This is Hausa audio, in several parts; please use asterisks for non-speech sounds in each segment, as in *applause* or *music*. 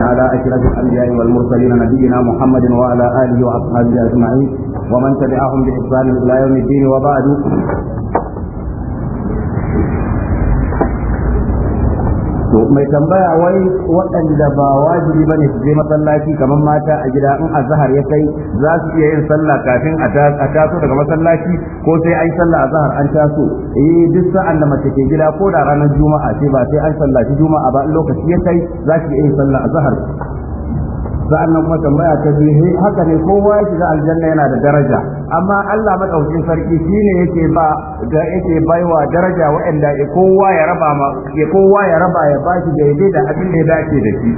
على أشرف الأنبياء والمرسلين نبينا محمد وعلى آله وأصحابه أجمعين ومن تبعهم بإحسان إلى يوم الدين وبعد to mai tambaya wai waɗanda ba wajibi bane su je masallaci kamar mata a gida in azhar ya kai za su iya yin sallah kafin a taso daga masallaci ko sai an sallah azhar an taso eh duk sa'an da mace ke gida ko da ranar juma'a ce ba sai an sallaci juma'a ba in lokaci ya kai za su iya yin sallah azhar sa'annan kuma tambaya ta biyu haka ne kowa ya shiga aljanna yana da daraja amma Allah madaukakin sarki shine yake ba da yake baiwa daraja waɗanda kowa ya raba ma ya kowa ya raba ya bashi daidai da abin da ya dace da shi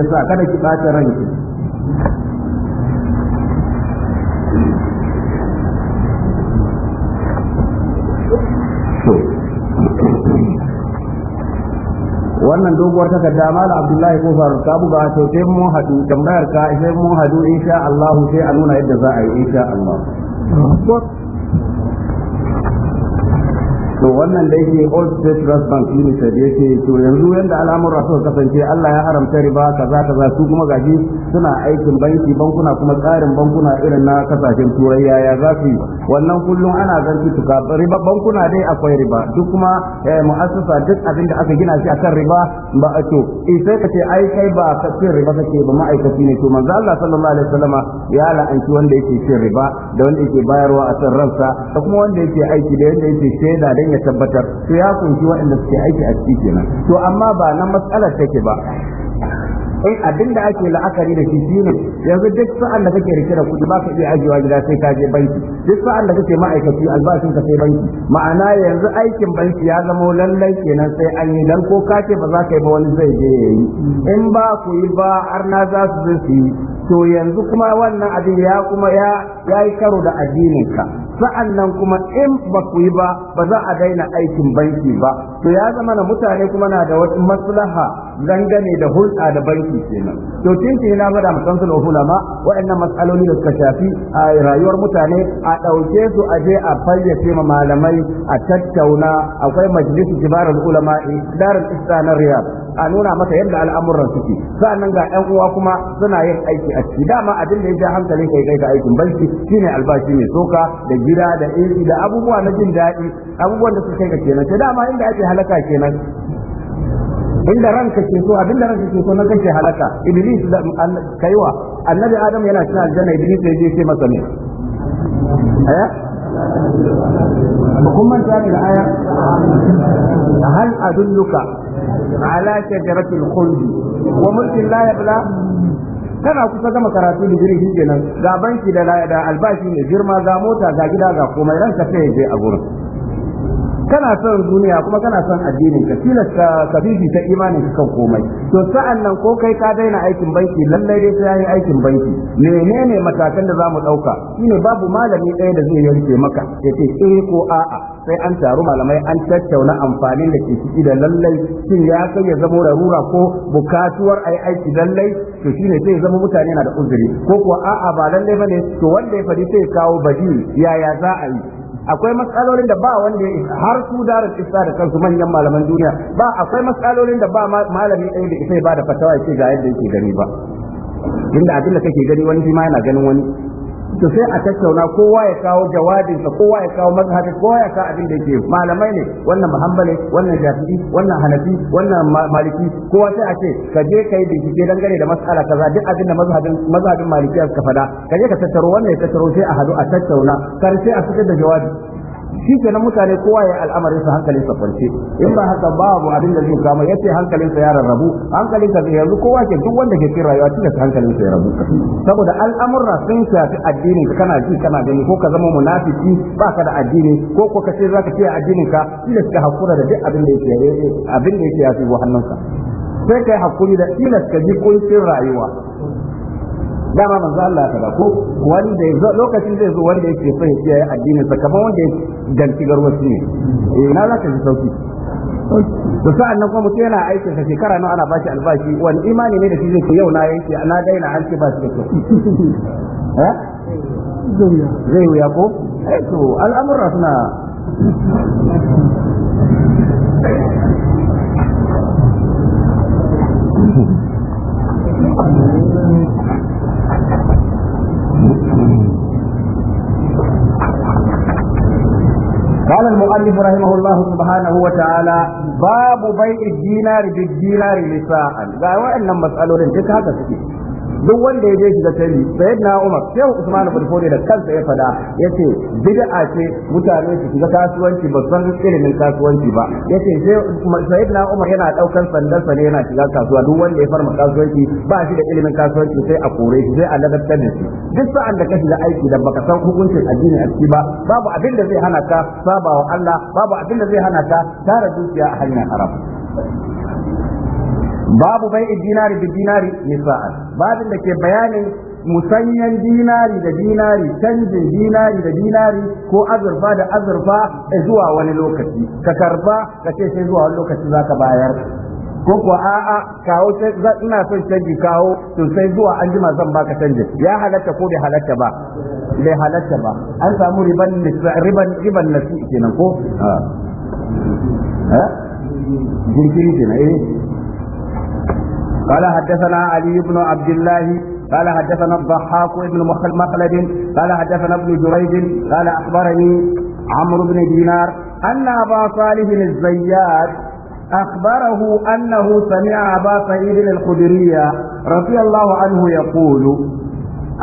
yasa kada ki bata ranki wannan doguwar takarda mala abdullahi kofar ka buga to sai mun hadu tambayar ka sai mun hadu insha Allah sai a nuna yadda za a yi insha Allah to wannan da yake old state trust bank limited yake to yanzu yanda al'amurra suka kasance Allah ya haramta riba kaza kaza su kuma gaji suna aikin banki bankuna kuma tsarin bankuna irin na kasashen turai yaya za su wannan kullum ana zargi tuka riba bankuna dai akwai riba duk kuma eh, mu'assasa duk abin da aka gina shi akan riba ba a to in eh, sai ka ce ai kai ba ka cin riba kake ba ma'aikaci ne to manzo Allah sallallahu alaihi wasallam ya la'anci wanda yake cin riba da wanda yake bayarwa a san ransa da kuma wanda yake aiki da wanda yake shaida dan ya tabbatar to ya kunshi waɗanda suke aiki a ciki kenan to amma ba na matsalar take ba in abin ake la'akari da shi shine yanzu duk sa'an da kake rike da kuɗi ba ka iya ajiyewa gida sai ka je banki duk sa'an da kake ma'aikaci albashin ka sai banki ma'ana yanzu aikin banki ya zama lallai kenan sai an yi dan ko ka ce ba za ka yi ba wani zai je ya yi in ba ku yi ba har na za su zo su yi to yanzu kuma wannan abin ya kuma ya yi karo da addinin ka sa'an nan kuma in ba ku yi ba ba za a daina aikin banki ba to ya zama na mutane kuma na da wata maslaha dangane da hulɗa da banki musulunci kenan to tun ke na gwada musamman ulama waɗannan matsaloli da suka shafi a rayuwar mutane a ɗauke su a je a fayyace ma malamai a tattauna akwai majalisu kibarul ulama darul istana riyad a nuna masa yadda al'amuran suke sa'annan ga 'yan uwa kuma suna yin aiki a ciki dama abin da ya ja hankali kai kai ga aikin banki shine albashi ne soka da gida da AC da abubuwa na jin daɗi abubuwan da suka kai ga kenan sai dama inda ake halaka kenan inda ranka ke so abinda ranka ke so na kake halaka iblis da kaiwa annabi adam yana cikin aljanna iblis ya je ce masa ne aya kun manta da aya hal adulluka ala shajaratil khuldi wa mulkin la yabla kana kusa gama karatu da shi kenan ga banki da albashi ne girma ga mota ga gida ga komai ranka sai ya je a gurin kana son duniya kuma kana son addinin ka tilasta ka ta imanin ka kan komai to sa'an nan ko kai ka daina aikin banki lallai dai sai yi aikin banki menene matakan da zamu dauka shine babu malami ɗaya da zai yanke maka ce eh ko a'a sai an taru malamai an tattauna amfanin da ke ciki da lallai shin ya kai ya zama rarura ko bukatuwar ai aiki lallai to shine sai zama mutane na da uzuri ko kuwa a'a ba lallai bane to wanda ya fadi sai kawo badi yaya za a yi akwai matsalolin da ba wanda ya isa har su darar isa da kansu manyan malaman duniya ba akwai matsalolin da ba malami ɗaya da isa ba da fatawa ya ce ga yadda yake gani ba inda abin da kake gani wani shi ma yana ganin wani to sai a tattauna kowa ya kawo jawabinsa kowa ya kawo mazhabi kowa ya kawo abin da yake malamai ne wannan muhammale wannan shafi'i wannan hanafi wannan maliki kowa sai a ce ka je kai bincike dangane da mas'ala kaza duk abin da mazhabin mazhabin malikiya suka fada ka je ka tattaro wannan ya tattaro sai a hadu a tattauna karshe a fitar da jawabi shi na mutane kowa ya al'amarin sa hankalin sa farce. in ba haka babu abin da zai kama yace hankalin sa ya rarrabu hankalin sa yanzu kowa ke duk wanda ke cin rayuwa tunda hankalin sa ya rabu saboda al'amurra sun shafi ka kana ji kana gani ko ka zama munafiki ba ka da addini ko ko ka ce zaka ce addinin ka tunda ka hakura da duk abin da yake abin da yake yafi hannunka sai kai hakuri da tilas ka ji kuncin rayuwa dama manzo Allah ya wanda ya zo lokacin zai zo wanda yake so ya kiyaye addinin sa kamar wanda ya danci garwaci ne eh na zaka ji sauki to sai nan kuma mutum yana aikin sa shekara nan ana bashi albashi wani imani ne da shi zai ce yau na yanke na daina an ce ba shi da kyau *laughs* eh? zai wuya ko eh to al'amurra suna Thank *laughs* you. قال المؤلف رحمه الله سبحانه وتعالى باب بيع الدينار بالدينار لساعة ga wa'annan matsalolin duk haka suke duk wanda ya je shiga tani na Umar sai Usman bin Fodi da kansa ya fada yace bid'a ce mutane su shiga kasuwanci ba san ilimin kasuwanci ba yace na Umar yana daukar sandan sa ne yana shiga kasuwa duk wanda ya farma kasuwanci ba shi da ilimin kasuwanci sai a kore shi sai a ladabtar da shi duk sa'an da ka shiga aiki da baka san hukuncin addini a ciki ba babu abin da zai hana ka sabawa Allah babu abin da zai hana ka tara dukiya a hanyar haram babu bai dinari da dinari nisa'an babin da ke bayanin musanyan dinari da dinari canjin dinari da dinari ko azurfa da azurfa eh, zuwa wani lokaci ka karba ka ce sai zuwa wani lokaci za ka bayar ko kuwa a'a kawo sai ina son canji kawo to sai zuwa an jima zan baka canji ya halatta ko bai halatta ba bai halatta ba an samu riban riban riban nasi kenan ko ah. eh? jirgin kenan eh قال حدثنا علي بن عبد الله قال حدثنا الضحاك بن مخلد قال حدثنا ابن جريج قال أخبرني عمرو بن دينار أن أبا صالح الزيات أخبره أنه سمع أبا سعيد الخدري رضي الله عنه يقول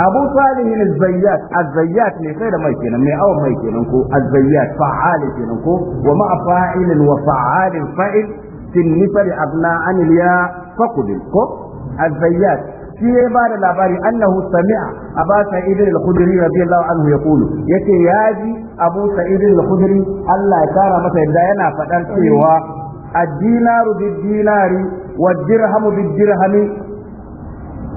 أبو صالح الزيات الزيات من غير ما من أو ما يكن الزيات فعال يكن ومع فاعل وفعال فعل في النفر أبناء الياء faqudil ko a shi ya ba da labari annahu sami'a aba sa'id al-khudri radiyallahu anhu yaqulu yace yaji abu sa'id al-khudri Allah ya kara masa yadda yana faɗar cewa ad-dinaru bid-dinari wad-dirhamu bid-dirhami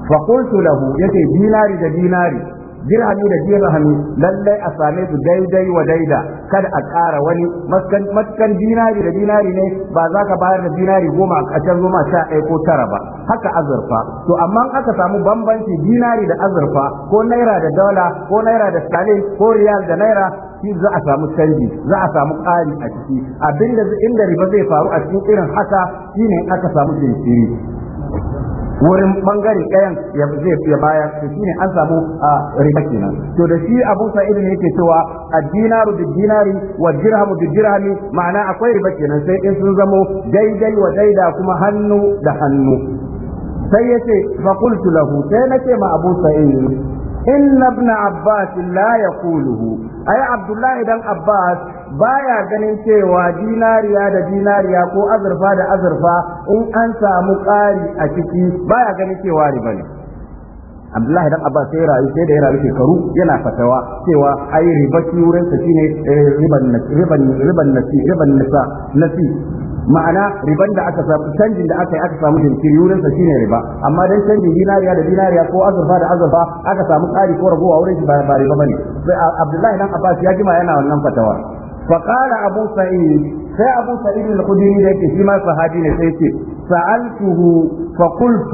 فقلت له يتي ديناري دا dirhami da hannu lallai a same su daidai wa daida kada a ƙara wani matkan dinari da dinari ne ba za ka bayar da dinari goma a can goma sha ɗaya ko tara ba haka azurfa to amma aka samu bambanci dinari da azurfa ko naira da dala, ko naira da salin ko riyal da naira shi za a samu canji za a samu ƙari a ciki abinda inda riba zai faru a cikin irin haka shi ne aka samu jinkiri wurin bangare ɗayan ya zai fiye baya shi ne an samu a riba kenan to da shi Abu Sa'id ne yake cewa a dinaru da dinari wa dirhamu da dirhami ma'ana akwai riba kenan sai in sun zamo daidai wa daida kuma hannu da hannu sai yace fa qultu lahu sai na ce ma Abu Sa'id inna ibn Abbas la yaquluhu ay Abdullah dan Abbas baya ganin cewa dinariya da dinariya ko azurfa da azurfa in an samu ƙari a ciki baya ganin cewa riba ne Abdullahi dan Abbas sai rayu sai da ya rayu shekaru yana fatawa cewa ai riba wurin sa shine eh, riban riban riban nasi riban nisa nasi ma'ana riban da aka samu canjin da aka yi aka samu jinkiri wurin sa shine riba amma dan canjin dinariya da dinariya ko azurfa da azurfa aka samu ƙari ko ragowa wurin shi ba riba bane sai Abdullahi dan Abbas ya jima yana wannan fatawa فقال أبو سعيد سي أبو سعيد الخدري ذاك فيما صحابي سيتي سألته فقلت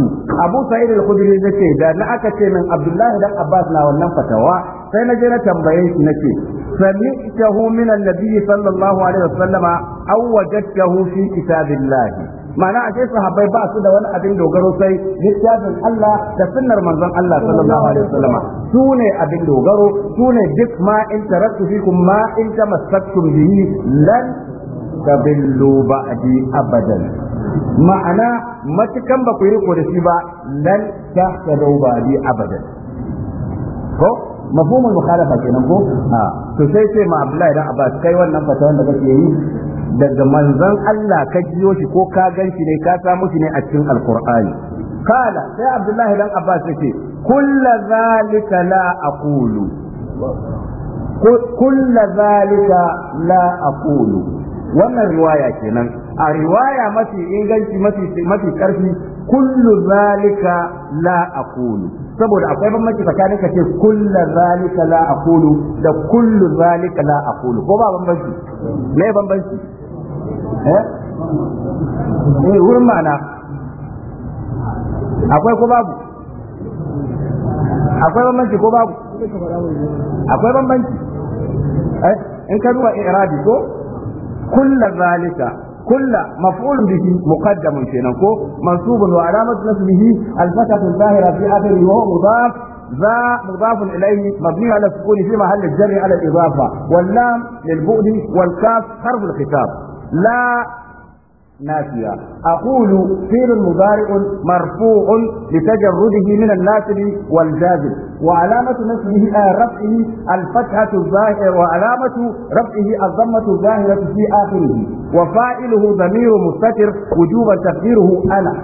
أبو سعيد الخدري ذاك دا نأكت من عبد الله بن عباس لا ونن فتوى sai na je na tambaye shi nace sami'tahu min annabi sallallahu alaihi wasallama aw wajadtahu fi kitabillah ma'ana ashe sahabbai ba su da wani abin dogaro sai littafin Allah da sunnar manzon Allah sallallahu alaihi wasallam su ne abin dogaro su ne duk ma in tarattu fikum ma in tamassaktum bihi lan tabillu ba'di abadan ma'ana matukan ba ku yi da shi ba lan tahtadu ba'di abadan ko mafhumul mukhalafa kenan ko ah, to sai sai ma Abdullahi dan Abbas kai wannan fata wanda kake yi daga manzon Allah ka jiyo shi ko ka gan shi ne ka samu shi ne a cikin alkur'ani kala sai abdullahi dan abbas yake kullu zalika la aqulu kullu zalika la aqulu wannan riwaya kenan a riwaya mafi inganci mafi mafi karfi kullu zalika la aqulu saboda akwai bambanci tsakanin ka ce kullu zalika la aqulu da kullu zalika la aqulu ko ba bambanci me bambanci eh eh wurin mana akwai ko babu akwai bambanci ko babu akwai bambanci eh, in ka zuwa irabi ko kullu zalika كل مفعول به مقدم كو منصوب وعلامة نصبه الفتحة الظاهرة في آخره وهو مضاف ذا مضاف اليه مبني على السكون في محل الجر على الاضافه واللام للبؤد والكاف حرف الخطاب لا نافية أقول فعل مضارع مرفوع لتجرده من الناسب والجازم وعلامة نسبه آه رفعه الفتحة الظاهرة وعلامة رفعه الضمة الظاهرة في آخره وفاعله ضمير مستتر وجوبا تقديره أنا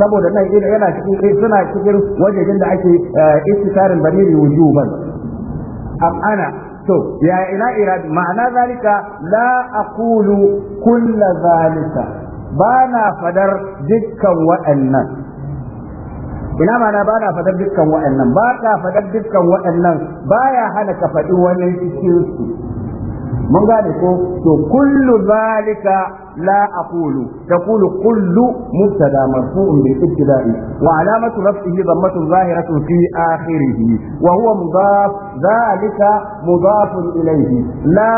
saboda nan yana cikin suna cikin wajejen da ake istikarin bariri wujuban am ana to ya ina iradi ma'ana zalika la aqulu kulla zalika ba na fadar dukkan waɗannan ina ma'ana ba na fadar dukkan waɗannan ba ka fadar dukkan waɗannan ba ya hana ka faɗi wani cikin su mun gane ko to kullu zalika la aqulu taqulu kullu mubtada marfu'un bil ibtida'i wa alamatu raf'ihi dhammatun zahiratun fi akhirih wa huwa mudaf zalika mudafun ilayhi la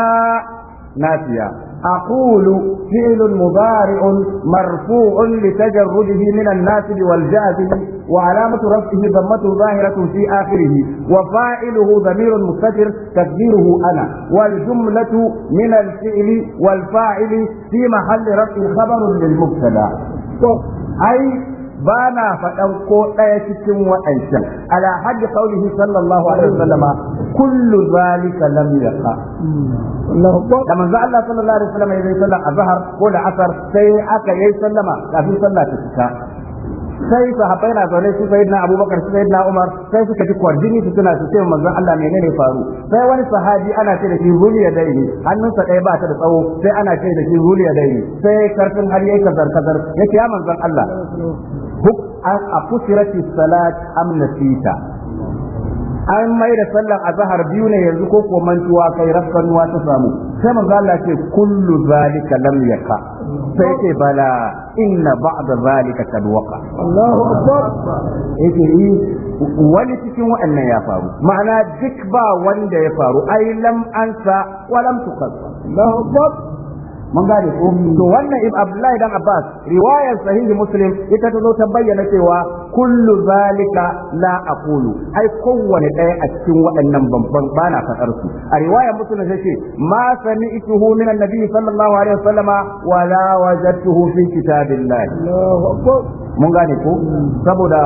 nafiya أقول فعل مضارع مرفوع لتجرده من الناسب والجازم وعلامة رفعه ضمته ظاهرة في آخره وفاعله ضمير مستتر تقديره أنا والجملة من الفعل والفاعل في محل رفع خبر للمبتدأ أي ba na faɗan ko ɗaya cikin waɗancan ala hajji qaulihi sallallahu alaihi wasallama kullu zalika lam yaqa da manzo Allah sallallahu alaihi wasallama yayin sallar azhar ko da asar sai aka yayi sallama kafin sallah ta cika sai sahabbai na zaune su sayyidina abubakar su sayyidina umar sai suka ji kwarjini su tuna su ce manzon Allah menene faru sai wani sahabi ana ce da shi zuli ya daini hannunsa ɗaya ba ta da tsawo sai ana ce da shi zuli ya daini sai karfin har yayi kazar kazar yake ya manzon Allah a kusirati salat Amna nasita an mai da sallar azhar biyu ne yanzu ko ko mantuwa kai rafkanuwa ta samu sai manzo Allah ce kullu zalika lam yaka sai ce bala inna ba'da zalika kad waqa Allahu akbar yake yi eh, wani cikin waɗannan ya faru ma'ana duk ba wanda ya faru ai lam ansa wa lam tuqas Allahu akbar mun gane ko mm. to wannan ibn abdullahi dan abbas riwayar sahihi muslim ita ta zo ta bayyana cewa kullu zalika la aqulu ai kowanne daya a cikin waɗannan bambam bana fadar su a riwayar muslim sai ce ma sami'tuhu min annabi sallallahu alaihi wasallama wala wajadtuhu fi kitabillah mun gane ko mm. saboda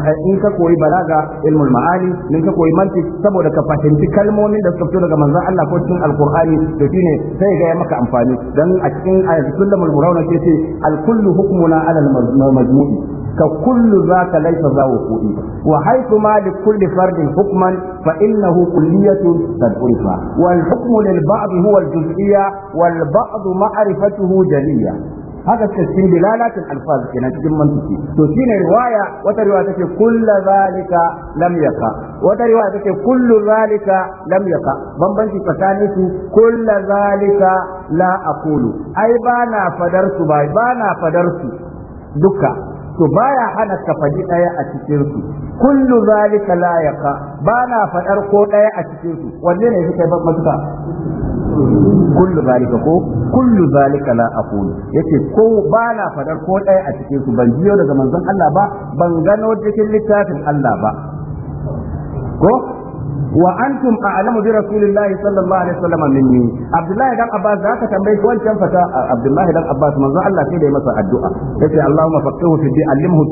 in ka koyi balaga ilmul ma'ani in ka koyi mantik saboda ka fahimci kalmomin da suka fito daga manzon Allah ko cikin alqur'ani to shine sai ga maka amfani dan a cikin ayatul lamul ke ce al kullu hukmuna ala al majmu'i ka kullu zaka laysa za wuqu'i wa haythu ma li kulli fardin hukman fa innahu kulliyatun qad wal hukmu lil ba'd huwa al juz'iyya wal ba'd ma'rifatuhu jaliyya haka suka cikin dilalatin alfaz nan cikin mantiki to shine riwaya wata riwaya take kullu zalika lam yaka wata riwaya take kullu zalika lam yaka bambanci tsakanin su kullu zalika la aqulu ai ba na fadar su ba na fadar su duka to baya hana ka faɗi ɗaya a cikin su kullu zalika la ba na fadar ko ɗaya a cikin su wanne ne suka yi matuka kullu zalika ko kullu zalika la aqulu yace ko ba na fadar ko ɗaya a cikin su ban biyo daga manzon Allah ba ban gano cikin littafin Allah ba ko wa antum a'lamu bi rasulillahi sallallahu alaihi wasallam minni abdullahi dan abbas da aka tambaye wancan fata abdullahi dan abbas manzo Allah sai da ya masa addu'a yace allahumma faqihu fi din allimhu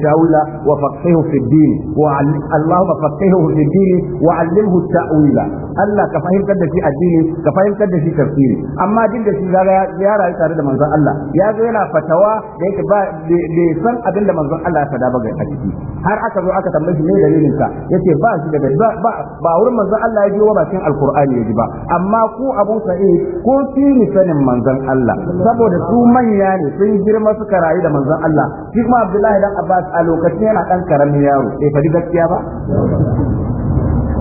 wa faqihu fi din wa allahumma faqihu fi din wa allimhu ta'wila Allah ka fahimtar da shi addini ka fahimtar da shi tafsiri amma din da shi ya rayu tare da manzon Allah ya zo yana fatawa da yake ba bai san abin da manzon Allah ya fada ba ga ciki har aka zo aka tambayi shi ne dalilin Ya ce ba shi daga ba ba wurin manzon Allah ya biyo wa bakin alkur'ani ya ji ba amma ku Abu Sa'id ko fi ni sanin manzon Allah saboda su manya ne sun girma suka rayu da manzon Allah shi kuma Abdullahi dan Abbas a lokacin yana dan karamin yaro eh fa gaskiya ba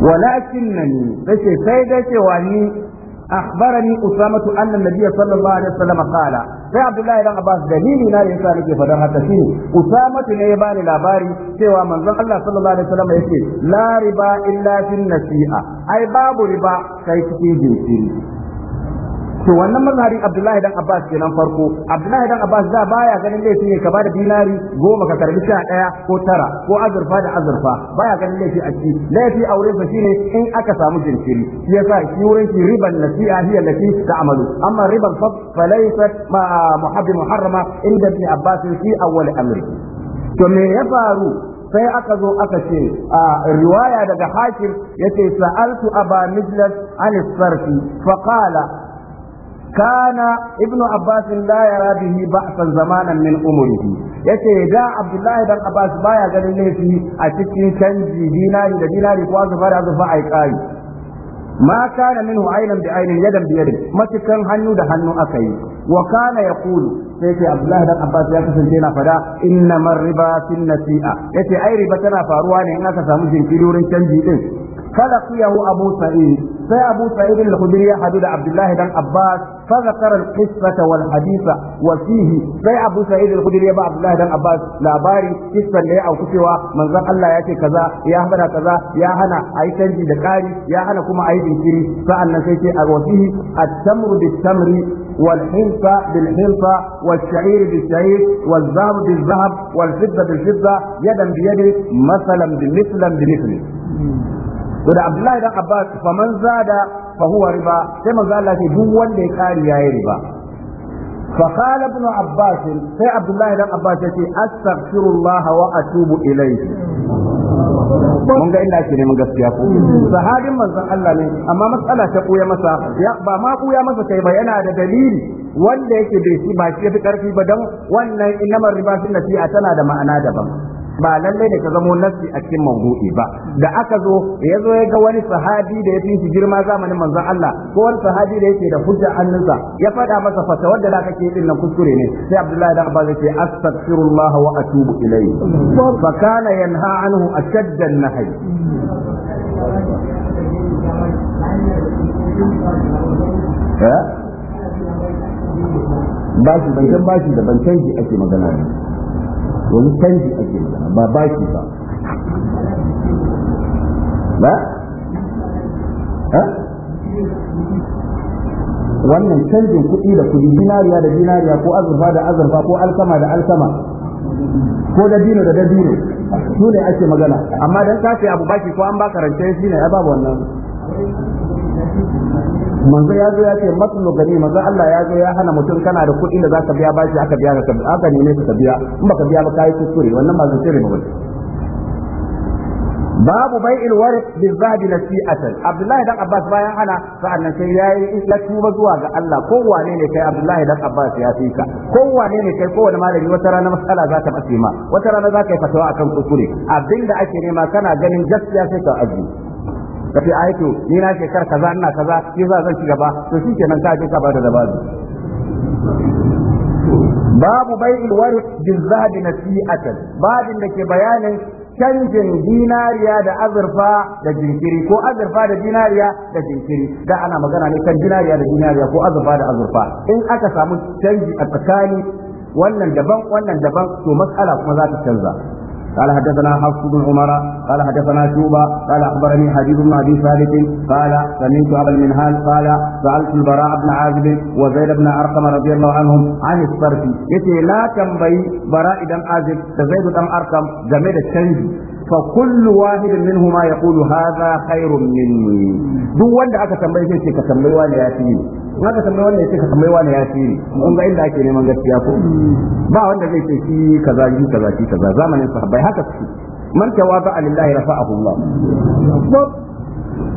walakin nani sai sai da cewa ni أخبرني أسامة أن النبي صلى الله عليه وسلم قال sai Abdullahi dan Abbas dalili na da yasa nake fadar haka shine Usama ne ya bani labari cewa manzon Allah sallallahu alaihi wasallam yace la riba illa fil nasi'a ai babu riba sai cikin jinkiri to wannan mazhabin Abdullahi dan Abbas kenan farko Abdullahi dan Abbas da baya ganin laifi ne ka bada dinari goma ka karbi sha daya ko tara ko azurfa da azurfa baya ganin laifi a ciki laifi a wurin shine in aka samu jinkiri shi yasa shi wurin shi riban nasi'a hiya lati ta'malu amma riban fad falaysat ma muhabbi muharrama inda ibn Abbas fi awwal amri to me ya faru sai aka zo aka ce a riwaya daga hakim yace sa'altu aba mijlas an sarfi fa qala كان ابن عباس لا يرى به بأسا زمانا من أمره yace da Abdullahi dan Abbas baya ganin laifi a cikin canji dinari da dinari ko azufa da azufa ai kai ma kana minhu aynan bi aynin yadan bi yadin matukan hannu da hannu aka yi Wakana kana yaqulu sai ce Abdullahi dan Abbas ya kasance yana fada inna riba sin nasi'a yace ai riba tana faruwa ne in aka samu jinkiri wurin canji kala falaqiyahu abu sa'id sai abu sa'id al ya hadu da Abdullahi dan Abbas فذكر القصة والحديث وفيه سي أبو سعيد الخدري يبا عبد الله بن عباس لاباري قصة لي أو كتوى من ذا الله يأتي كذا يا هنا كذا يا هنا أي تنجي دكاري يا هنا كما أي بنكري فأنا سيتي وفيه التمر بالتمر والحنطة بالحنطة والشعير بالشعير والذهب بالذهب والفضة بالفضة يدا بيد مثلا بمثلا بمثل وده عبد الله بن عباس فمن زاد fa huwa riba sai manzo Allah ce duk wanda ya kari yi riba فقال ابن عباس سي عبد الله بن عباس استغفر الله واتوب اليه mun ga inda ake neman gaskiya ko sahabin manzon Allah ne amma matsala ta kuya masa ba ma kuya masa kai ba yana da dalili wanda yake bai shi ba shi fi karfi ba dan wannan inamar riba sunnati tana da ma'ana daban ba lalle ne ka zamo nassi a cikin mawdu'i ba da aka zo ya zo ya ga wani sahabi da ya fi shi girma zamanin manzon Allah ko wani sahabi da yake da hujja annansa ya faɗa masa fata wanda da kake din nan kuskure ne sai Abdullahi da Abbas yace astaghfirullah wa atubu ilayhi fa kana yanha anhu ashadda an-nahy eh? bashi ban bashi da ban ake magana ne wani canji ake magana ba baki ba ba wannan canjin kuɗi da kuɗi dinariya da dinariya ko azurfa da azurfa ko alkama da alkama ko dino da dino su ne ake magana amma dan kace abu baki ko an ba rance shi ne ya babu wannan manzo ya zo ya ce matsalo gani manzo Allah ya zo ya hana mutum kana da kuɗi da zaka biya bashi aka biya ka aka neme ka biya in baka biya ba kai kuskure wannan ba zai tsere ba babu bai'il warq bil zahabi nasi'atan Abdullahi dan Abbas bayan hana sa'annan sai yayi ya tuba zuwa ga Allah ko wane ne kai Abdullahi dan Abbas ya fi ka ko wane ne kai kowane malami wata rana masala za ta bace ma wata rana za ka yi fatawa akan kuskure abinda ake nema kana ganin gaskiya sai ka ajiye ka ce ai to ni na shekar kaza ina kaza ni za zan ci gaba to shi kenan ka je ka bada da bazu babu bai'il warid bil zahabi nasi'atan babin da ke bayanin canjin dinariya da azurfa da jinkiri ko azurfa da dinariya da jinkiri da ana magana ne kan dinariya da dinariya ko azurfa da azurfa in aka samu canji a tsakani wannan daban wannan daban to matsala kuma za ta canza قال حدثنا حفص بن عمر قال حدثنا شوبة قال أخبرني حبيب بن أبي ثابت قال سمعت أبا المنهال قال سألت البراء بن عازب وزيد بن أرقم رضي الله عنهم عن الصرف يتي لا تنبي براء بن عازب زيد بن أرقم جميل الشنجي فكل واحد منهما يقول هذا خير مني duk wanda aka tambaye sai ce ka tambayi wani ya fi in aka tambayi wani ya ce ka tambayi wani ya fi kun ga inda ake neman gaskiya ko ba wanda zai ce shi kaza shi kaza shi kaza zamanin sahabbai haka su man tawaba lillahi rafa'ahu Allah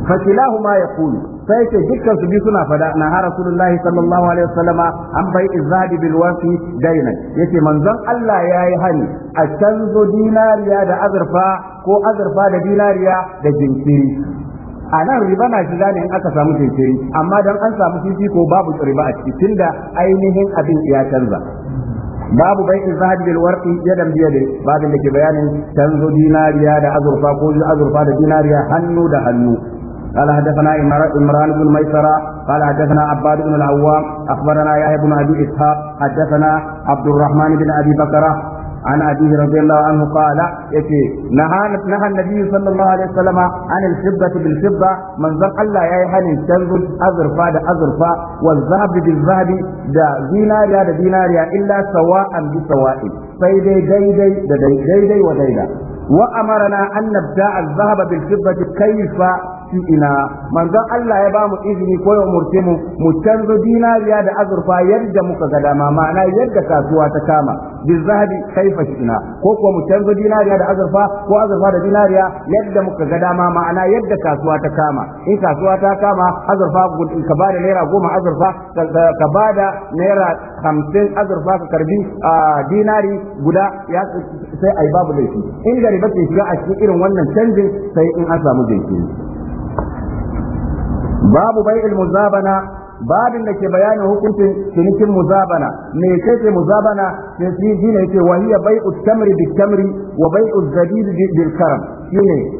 fa ma yaqulu sai ce dukkan su biyu suna fada na har rasulullahi sallallahu alaihi wasallama an bai izadi bil ya dainan yace manzon Allah yayi hani a canzo dinariya da azurfa ko azurfa da dinariya da jinkiri a nan riba na shiga ne in aka samu jinkiri amma dan an samu ko babu riba a ciki da ainihin abin ya canza babu bai'in zahabi bil warqi yadan biyadi babin da ke bayanin tanzo dinariya da azurfa ko azurfa da dinariya hannu da hannu قال حدثنا عمران بن ميسرة قال حدثنا عباد بن العوام أخبرنا يحيى بن أبي إسحاق حدثنا عبد الرحمن بن أبي بكرة عن أبيه رضي الله عنه قال يتي نهى النبي صلى الله عليه وسلم عن الفضة بالفضة من ذق الله يا يحن تنزل أزرفا دا أزرفا والذهب بالذهب دا ديناريا دا ديناريا إلا سواء بسواء سيدي ديدي دا ديدي وديدا وأمرنا أن نبتاع الذهب بالفضة كيف ina manzon Allah ya ba mu izini ko ya umurce mu mu canzo dinariya da azurfa yadda muka ga dama ma'ana yadda kasuwa ta kama zahabi kaifa ina ko ko mu canzo dinariya da azurfa ko azurfa da dinariya yadda muka ga dama ma'ana yadda kasuwa ta kama in kasuwa ta kama azurfa ka bada naira goma azurfa ka bada naira hamsin azurfa ka karbi dinari guda ya sai ai babu laifi in gari ba ce shiga a cikin irin wannan canjin sai in an samu jinkiri babu bai bai'il muzabana babin da ke bayanin hukuncin cinikin muzabana me ce muzabana sai shi shine yake wa hiya bai'u tamri bil tamri wa bai'u zabib bil karam shine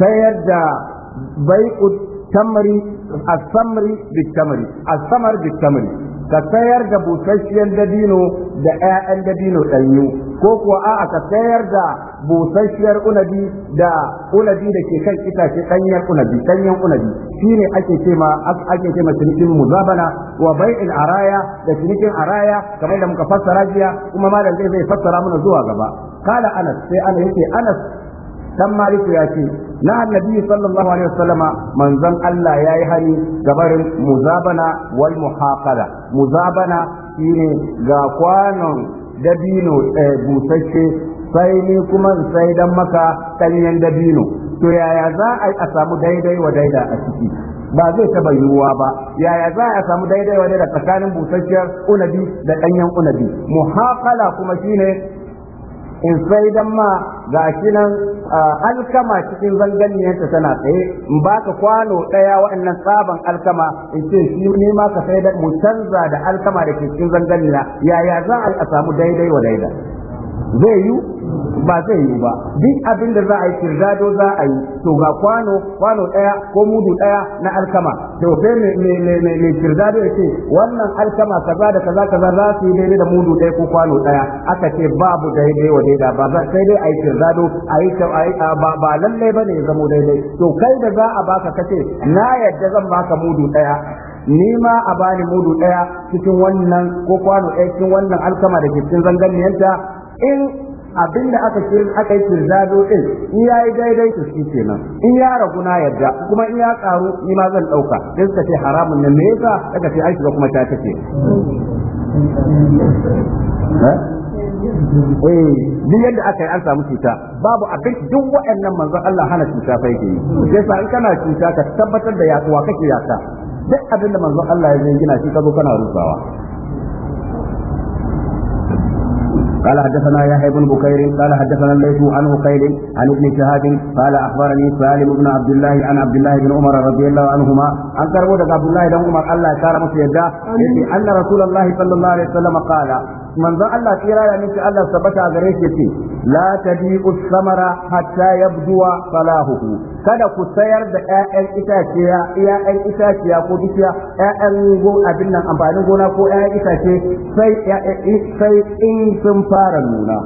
sayar da bai'u tamri as-samri tamri as-samar bil tamri ka sayar da busasshen dabino da 'ya'yan dabino ɗanyu ko kuwa a ka tsayar da busasshiyar unabi da unabi da ke kan itace danyen unabi danyen unabi shine ake ce ma ake ce ma cinikin muzabana wa bai'il araya da cinikin araya kamar da muka fassara jiya kuma malam zai zai fassara mana zuwa gaba kala anas sai ana yake anas dan maliku ya ce na annabi sallallahu alaihi wasallama manzon Allah yayi hari gabarin muzabana wal muhaqada muzabana shine ga kwanon dabino eh, busasshe sai ni kuma sai dan maka ɗanyen dabino to yaya za a samu daidai wa daida a ciki ba zai taba yiwuwa ba yaya za a samu daidai wa daida tsakanin busasshiyar unabi da ɗanyen unabi muhaqala kuma shine in sai dan ma ga shi nan alkama cikin zanganiyarta tana tsaye in ba ka kwano ɗaya waɗannan tsaban alkama in ce shi ne ma ka sai da mu canza da alkama da ke cikin zanganiya yaya za a samu daidai wa daidai? zai yi ba zai yi ba duk abin da za a yi kirdado za a yi to ga kwano kwano daya ko mudu daya na alkama to sai me me me me kirdado yake wannan alkama kaza da kaza kaza za su yi daidai da mudu daya ko kwano daya aka ce babu daidai wa daida ba sai dai a yi kirdado a yi ba ba lalle bane ya zama daidai to kai da za a baka kace na yadda zan baka mudu daya ni ma a bani mudu daya cikin wannan ko kwano ɗaya cikin wannan alkama da ke cikin zanganiyanta in abinda aka ce aka yi kirzado din in ya yi daidai to shi kenan in ya ragu na yarda kuma in ya karu ni ma zan dauka din suka ce haramun nan me yasa aka ce ba kuma ta take eh? eh duk yadda aka yi an samu cuta babu abin duk waɗannan manzon Allah hana cuta fa yake yi sai sa in kana cuta ka tabbatar da yakuwa kake yata duk abin da manzon Allah ya gina shi ka zo kana rusawa قال حدثنا يحيى بن بكير قال حدثنا الليث عن قيل عن ابن شهاب قال اخبرني سالم بن عبد الله عن عبد الله بن عمر رضي الله عنهما عن كربوت عبد الله بن عمر الله كرم سيدا ان رسول الله صلى الله عليه وسلم قال manzon Allah tsira ya miki Allah tabbata a gare shi ce la tadi'u samara hatta yabduwa salahuhu kada ku sayar da ƴaƴan itaciya ƴaƴan itaciya ko bishiya 'ya'yan go abin nan amfanin gona ko ƴaƴan itace sai in sun fara nuna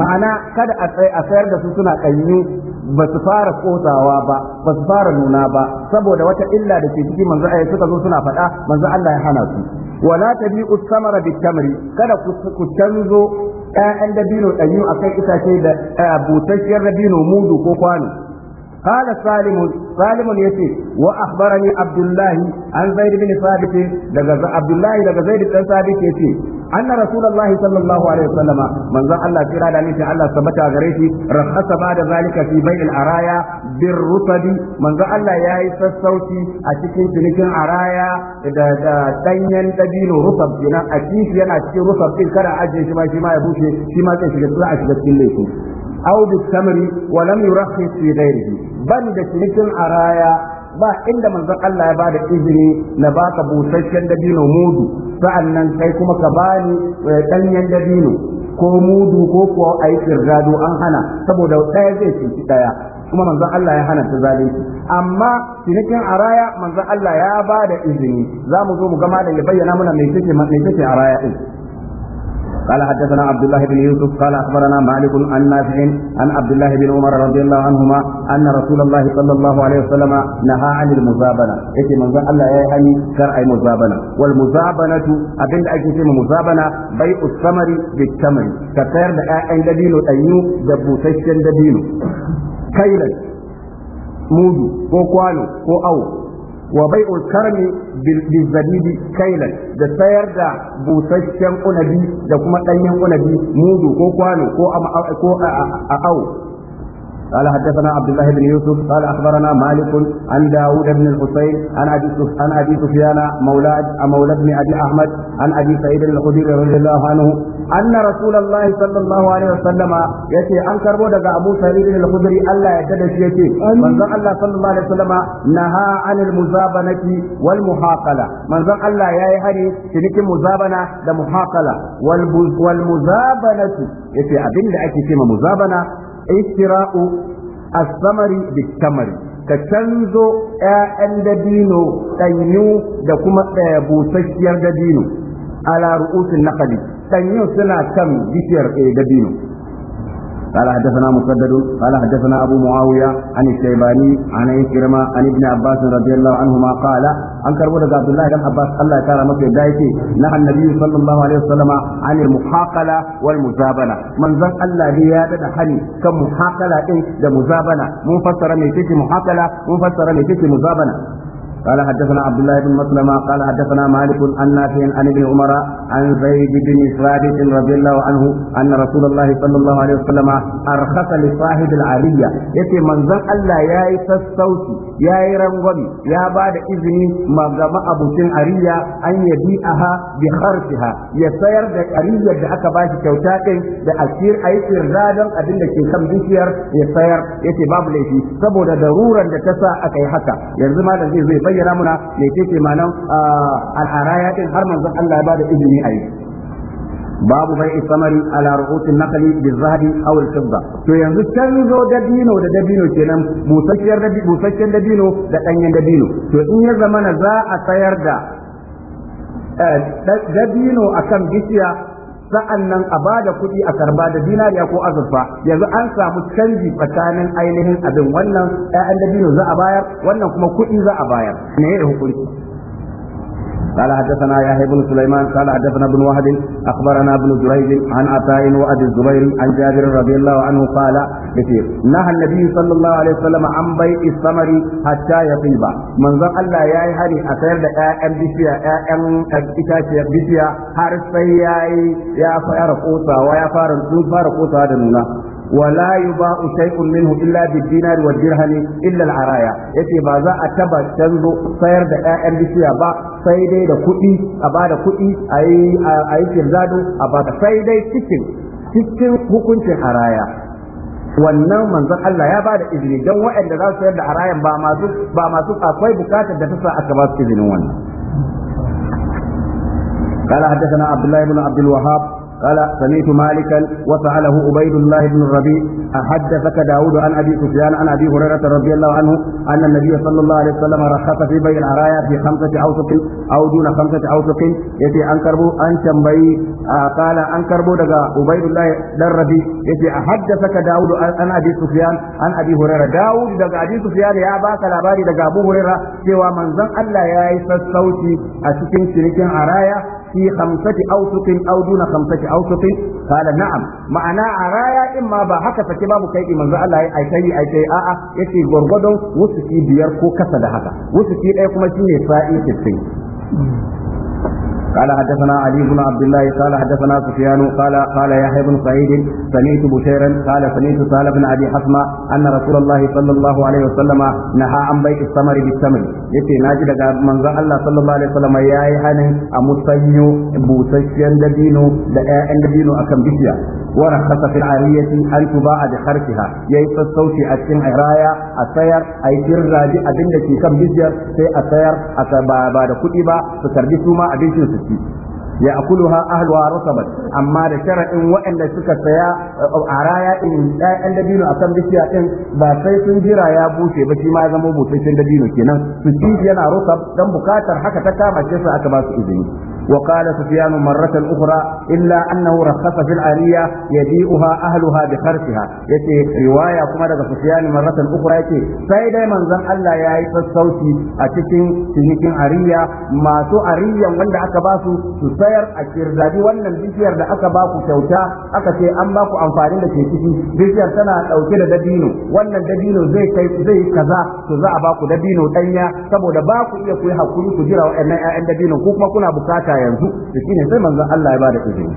ma'ana kada a sayar da su suna kanyi ba su fara kosawa ba ba su fara nuna ba saboda wata illa da ke ciki manzo ayi suka zo suna faɗa manzo Allah ya hana su wala tabi'u samara bitamri kada ku canzo ƴaƴan dabino ɗanyu kan itace da eh, busasshiyar dabino mudu ko kwano قال سالم سالم يتي واخبرني عبد الله عن زيد بن ثابت دغ عبد الله دغ زيد بن ثابت يتي ان رسول الله صلى الله عليه وسلم من ذا الله كيرا دا نيتي الله ثبت غريشي رخص بعد ذلك في بيع العرايا بالرصد من ذا الله ياي سسوتي a cikin cinikin araya da da danyen dabino rusab kenan a kishi yana cikin rusab din kada ajiye shi ma shi ma ya bushe shi ma zai shiga a shiga cikin laifi أو بالتمر ولم يرخص في غيره بل بشرك الأرايا ba inda manzon Allah ya bada izini na baka busasshen dabino mudu sa'annan sai kuma ka bani danyen dabino ko mudu ko kuwa aikin kirgado an hana saboda ɗaya zai cinci ɗaya kuma manzon Allah ya hana ta zalunci amma cinikin araya manzon Allah ya bada izini za mu zo mu gama da ya bayyana mana mai take mai araya din قال حدثنا عبد الله بن يوسف قال اخبرنا مالك عن نافع عن عبد الله بن عمر رضي الله عنهما ان رسول الله صلى الله عليه وسلم نهى عن المزابنه يتي من الله يا هني كر اي مزابنه والمزابنه ابين da ake cewa muzabana bai usamari bitamari ka sayar da ƴaƴan dabino danyu da busasshen dabino kailan mudu ko kwano ko awo wa bai karmi bil zabibi kailan da sayar da busasshen unabi da kuma danyen unabi mudu ko kwano ko a au قال حدثنا عبد الله بن يوسف قال اخبرنا مالك عن داوود بن الحسين عن ابي عن ابي سفيان مولى مولى بن ابي احمد عن ابي سعيد الخدري رضي الله عنه ان رسول الله صلى الله عليه وسلم يتي ان كربو daga ابو سعيد الخدري الله يتدشي يتي manzon Allah sallallahu alaihi wasallam naha anil muzabanati wal muhaqala manzon Allah yayi hari cinikin muzabana da muhaqala wal wal muzabanatu yace abinda ake cewa muzabana istira'u as-samari bit-tamari ka canzo ƴaƴan dabino ɗanyu da kuma busasshiyar dabino ala ru'usin naqli ɗanyu suna kan bishiyar eh, dabino قال حدثنا مسدد قال حدثنا أبو معاوية عن الشيباني عن إكرمة عن ابن عباس رضي الله عنهما قال أن كربونا عبد الله بن عباس الله تعالى مكة دايتي نهى النبي صلى الله عليه وسلم عن المحاقلة والمزابنة من ذن الله هي حني كم محاقلة إيه ده مزابنة مفسر من محاقلة مفسر من مزابنة قال حدثنا عبد الله بن مسلمة قال حدثنا مالك عن نافع عن ابن عمر عن زيد بن ثابت رضي الله عنه أن رسول الله صلى الله عليه وسلم أرخص لصاحب العرية يتي من ذن الله يا الصوت يا رنغمي يا بعد إذني ما جمع أبو تن عرية أن يبيعها بخرفها يسير da ariyar da aka bashi kyauta din da asir ayi irzadan abin da ke kan bishiyar ya sayar yace babu laifi saboda daruran da ta sa aka yi haka yanzu malam zai zai bayyana muna me ce ma'anar alharaya din har manzon Allah ya bada izini a yi babu bai samari ala ru'utin naqli bil zahabi aw al fidda to yanzu can zo da dino da dabino kenan busasshen da busasshen dabino da danyen dabino to in ya zamana za a sayar da eh, dabino akan bishiya sa'an nan a ba da kuɗi a karba da dinariya ko azurfa yanzu an samu canji tsakanin ainihin abin wannan 'ya'yan dabino za a bayar wannan kuma kuɗi za a bayar ya hukunci قال حدثنا يحيى بن سليمان قال حدثنا ابن وهب اخبرنا ابن جريج عن عطاء وابي الزبير عن جابر رضي الله عنه قال نهى النبي صلى الله عليه وسلم عن بيع الثمر حتى يطيب من ذا الله يا هري اسير da ƴaƴan bishiya ƴaƴan itace bishiya har sai yayi ya fara kosawa ya fara sun fara kosawa da nuna ولا يباع شيء منه الا بالدينار والدرهم Ya ce ba za a اتبع تنزو sayar da 'ya'yan bishiya ba, سيدي ده كودي ابا ده كودي اي اي كيرزادو ابا ده سيدي سيكين سيكين حكمتين عرايا wannan manzon Allah ya ba da izini don waɗanda za sayar da arayan ba masu akwai buƙatar da ta sa aka ba su izinin wannan kana haddana abdullahi ibn abdul قال سمعت مالكا وسأله عبيد الله بن الربيع أحدثك داود عن أبي سفيان عن أبي هريرة رضي الله عنه أن النبي صلى الله عليه وسلم رخص في بيع العرايا في خمسة أوسق أو دون خمسة أوسق يتي أنكربو أن شمبي قال أنكربو دقا عبيد الله بن الربيع يتي أحدثك داود عن أبي سفيان عن أبي هريرة داود دقا أبي سفيان يا باك labari daga Abu Hurairah cewa manzon Allah ya yi sassauci a cikin shirikin araya في خمسة أوسق أو دون خمسة أوسق قال نعم معنى عرايا إما بحكة فكباب كي من ذا الله أي كي أي كي آآ يكي غرغدو وسكي بيركو كسد حكا وسكي أيكم شيني فائي تسين قال حدثنا علي بن عبد الله قال حدثنا سفيان قال قال يحيى بن سعيد سمعت بشيرا قال سمعت سهل بن ابي حسمه ان رسول الله صلى الله عليه وسلم نهى عن بيع الثمر بالثمر yace daga manzon Allah sallallahu alaihi wasallam yayi hanin a musanyo busasshen dabino da ƴaƴan dabino akan bishiya wa rakhasa fil ariyati an tuba'a bi kharqiha yayi sassauci a cikin raya a sayar a yi kirraji abin da ke kan bishiyar sai a sayar a ba da kuɗi ba su karbi suma a abincin ciki ya akuluha ahluha rusab amma da shara'in waɗanda suka saya a raya in ɗayan dabino akan bishiya din ba sai sun jira ya bushe ba shi ma ya zama busasshen dabino kenan su ci yana rusab don bukatar haka ta kama shi aka ba su izini وقال سفيان مرة أخرى إلا أنه رخص في العالية يبيعها أهلها بخرسها يتي رواية كما لدى سفيان مرة أخرى يتي فإذا من ذن ألا يأي فالصوتي أتكين تنكين عرية ما تو عرية وند أكباسو تسير أكيردادي وند بيشير دا أكباكو شوتا أكتي أمباكو أنفارين دا كيكي بيشير سنة أو كده دبينو وند دبينو زي زي كذا تزا أباكو دبينو تنيا سبو دباكو إيا كوي حقوني كجيرا وإنا أن دبينو كوكما كنا بكاتا haka yanzu sai manzon Allah ya bada izini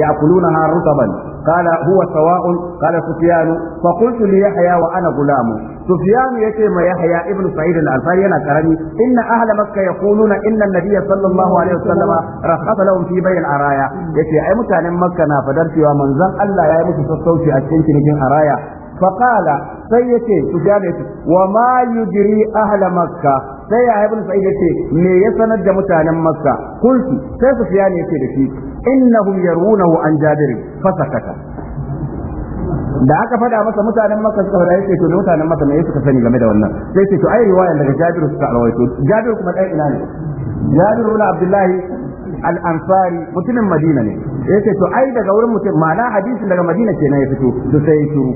ya kuluna ha rukaban kala huwa sawa'un kala sufyan fa qultu li yahya wa ana gulam sufyan yace ma yahya ibn sa'id al-ansari yana karami inna ahla makkah yaquluna inna an-nabiy sallallahu alaihi wasallam rakhasa lahum fi bay al-araya yace ai mutanen makkah na fadar cewa manzon Allah ya yi musu sassauci a cikin kinikin araya faqala sai yace su gane wa ma a ahla makka sai ya ibn sa'id yace me ya sanar da mutanen makka kulti sai su fiya da shi an da aka faɗa masa mutanen maka suka faɗa yace to da mutanen maka me suka sani game da wannan sai ce to ai riwaya daga Jabir suka rawaito Jabir kuma dai ina ne Jabir ibn Abdullahi al-Ansari mutumin Madina ne yace to ai daga wurin mutum ma'ana hadisin daga Madina kenan ya fito to sai ya shiru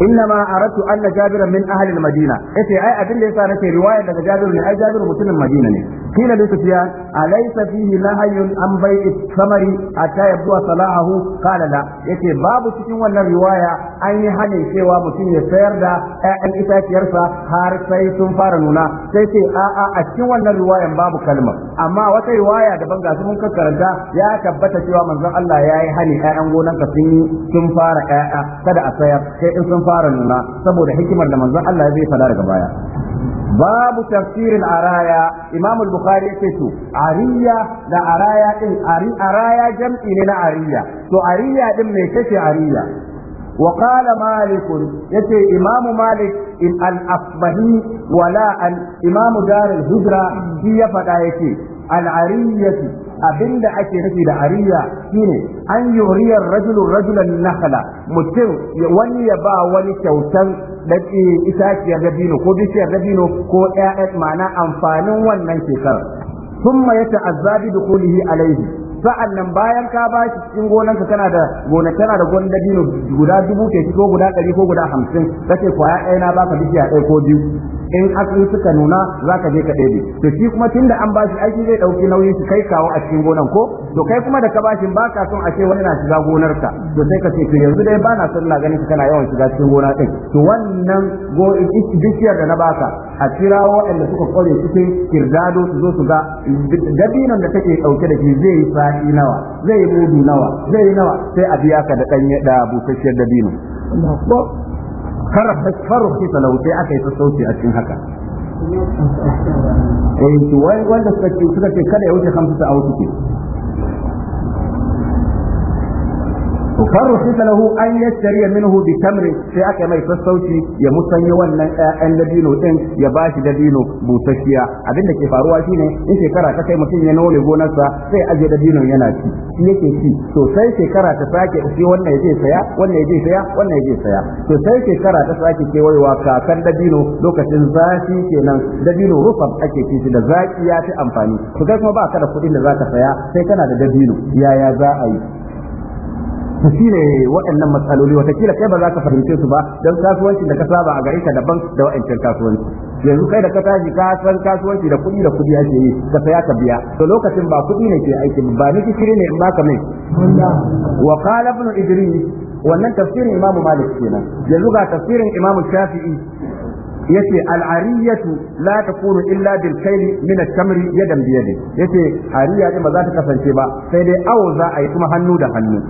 إنما أردت أن جابر من أهل المدينة إيه أي أدل يسا نتي رواية لك جابر من أي جابر مسلم المدينة قيل لسفيان أليس فيه نهي عن بيع الثمر حتى يبدو صلاحه قال لا يتي babu cikin wannan riwaya an yi hane cewa mutum ya sayar da 'ya'yan itaciyarsa har sai sun fara nuna sai ce a'a a cikin wannan riwayan babu kalmar amma wata riwaya daban gasu mun karanta ya tabbata cewa manzon Allah ya yi hane ƴaƴan gonanka sun sun fara ƴaƴa kada a sayar sai in sun fara nuna saboda hikimar da manzon Allah zai fada daga baya babu tafsirin araya imam al-bukhari yake to ariya da araya din araya jam'i ne na ariya to ariya din me kace ariya وقال مالك يتي إمام مالك إن الأصبهي ولا الإمام دار الهجرة هي فتايتي العرية abinda ake nufi da ariya shine an yuriya rajulun rajulan nahala mutum wani ya ba wani kyautan itaciyar dabino ko bishiyar dabino ko ƴaƴan ma'ana amfanin wannan shekarar thumma yata'azza bi alaihi, alayhi sa'annan bayan ka ba shi cikin ka kana da gona tana da gonan dabino guda dubu ke ko guda ɗari ko guda hamsin kace kwaya ɗaya na baka bishiya ɗaya ko biyu in hatsi suka nuna za ka je ka ɗebe to shi kuma tun da an ba shi aiki zai ɗauki nauyin shi kai kawo a cikin gonan ko to kai kuma da ka ba shi ba ka son a ce wani na shiga gonar ka to sai ka ce to yanzu dai ba na son na ganin kana yawan shiga cikin gona ɗin to wannan bishiyar da na baka a kirawo waɗanda suka kware cikin kirdado su zo su ga dabinan da take ɗauke da shi zai yi sa'i nawa zai yi mudu nawa zai yi nawa sai a biya ka da ɗanye da busasshiyar dabino farfisa lau sai aka yi sassauci a cikin haka eh wanda suka ce suka ce kada ya wuce hamsin ta auki farusita له an يشتري منه bi في sai aka mai sassauci ya musanya wannan 'ya'yan dabino ɗin ya bashi dabino busashiya abin da ke faruwa shine in shekara ta kai mutum ya nuna gonarsa sai ajiye dabinon yana ci shi yake ci to sai shekara ta sake shi wannan yaje saya wannan yaje saya wannan yaje saya to sai shekara ta sake kewayewa kakan dabino lokacin zafi kenan dabino rufa ake ci da zaki ya fi amfani to kai kuma ba ka da kuɗin da za zaka saya sai kana da dabino yaya za a yi su shine waɗannan matsaloli watakila kai ba za ka fahimce su ba don kasuwanci da ka saba a gare ka daban da wa'ancan kasuwanci yanzu kai da ka tashi ka san kasuwanci da kuɗi da kuɗi ake yi ka saya ka biya to lokacin ba kuɗi ne ke aiki ba ni kishiri ne in baka mai wa qala ibn idris wannan tafsirin imamu malik kenan yanzu ga tafsirin imamu shafi'i yace al'ariyatu la takunu illa bil kayli min at-tamri yadan bi ya yace ariya ba za ta kasance ba sai dai awo za a yi kuma hannu da hannu